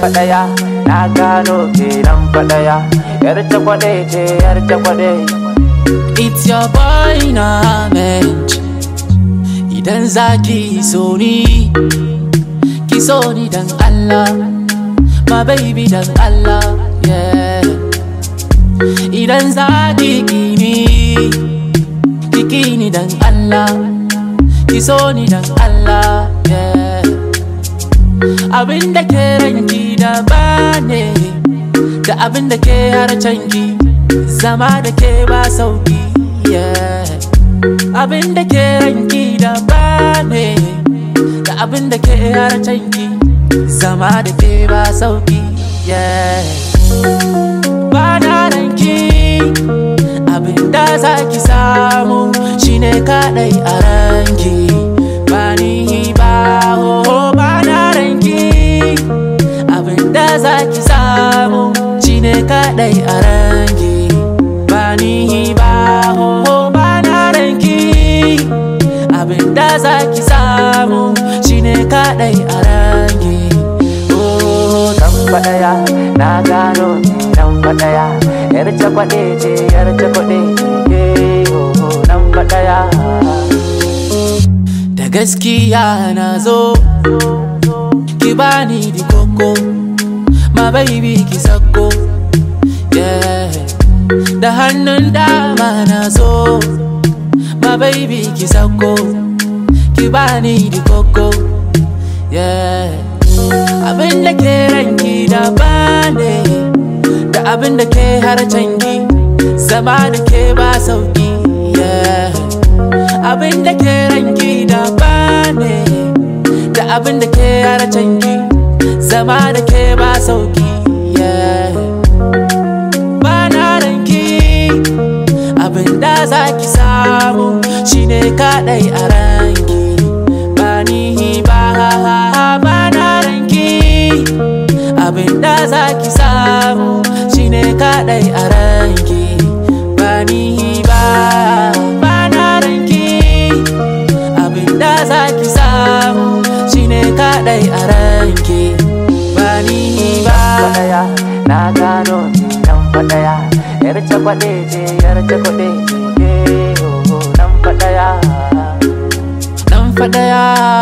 faɗaya na gano kenan faɗaya yar ta kwaɗe ce yar ta it's your boy na mench idan ki so ni ki so ni dan Allah ma baby dan Allah yeah idan zaki kini kiki ni dan Allah ki so ni dan Allah abin da ke ranki da ba ne da abin da ke canji zama da ke ba sauki abin da ke ranki da ba ne da abin da ke canji zama da ke ba sauki ba na ranki abin da za ki samu dai a ranki ba ni ba ho ba na ranki abinda zaki samu shine ka a ranki oh kan faɗaya na gano ni nan faɗaya yar cakwaɗe ce yar oh nan faɗaya da gaskiya na zo ki bani di koko ma baby ki sako da hannun dama na so ma baby ki sako ki bani di koko yeah abin da ke ranki da bane da abin da ke harcanki zama da ke ba sauki yeah abin da ke ranki da bane da abin da ke harcanki zama da ke ba sauki samu shine kadai a ranki ba ni ba ba na ranki abin da zaki samu shine kaɗai a ranki ba ni ba ba na ranki abin da zaki samu shine kaɗai a ranki ba ni ba na gano nan faɗaya yar ce kwaɗe ce yar ce kwaɗe ce Don't fadaya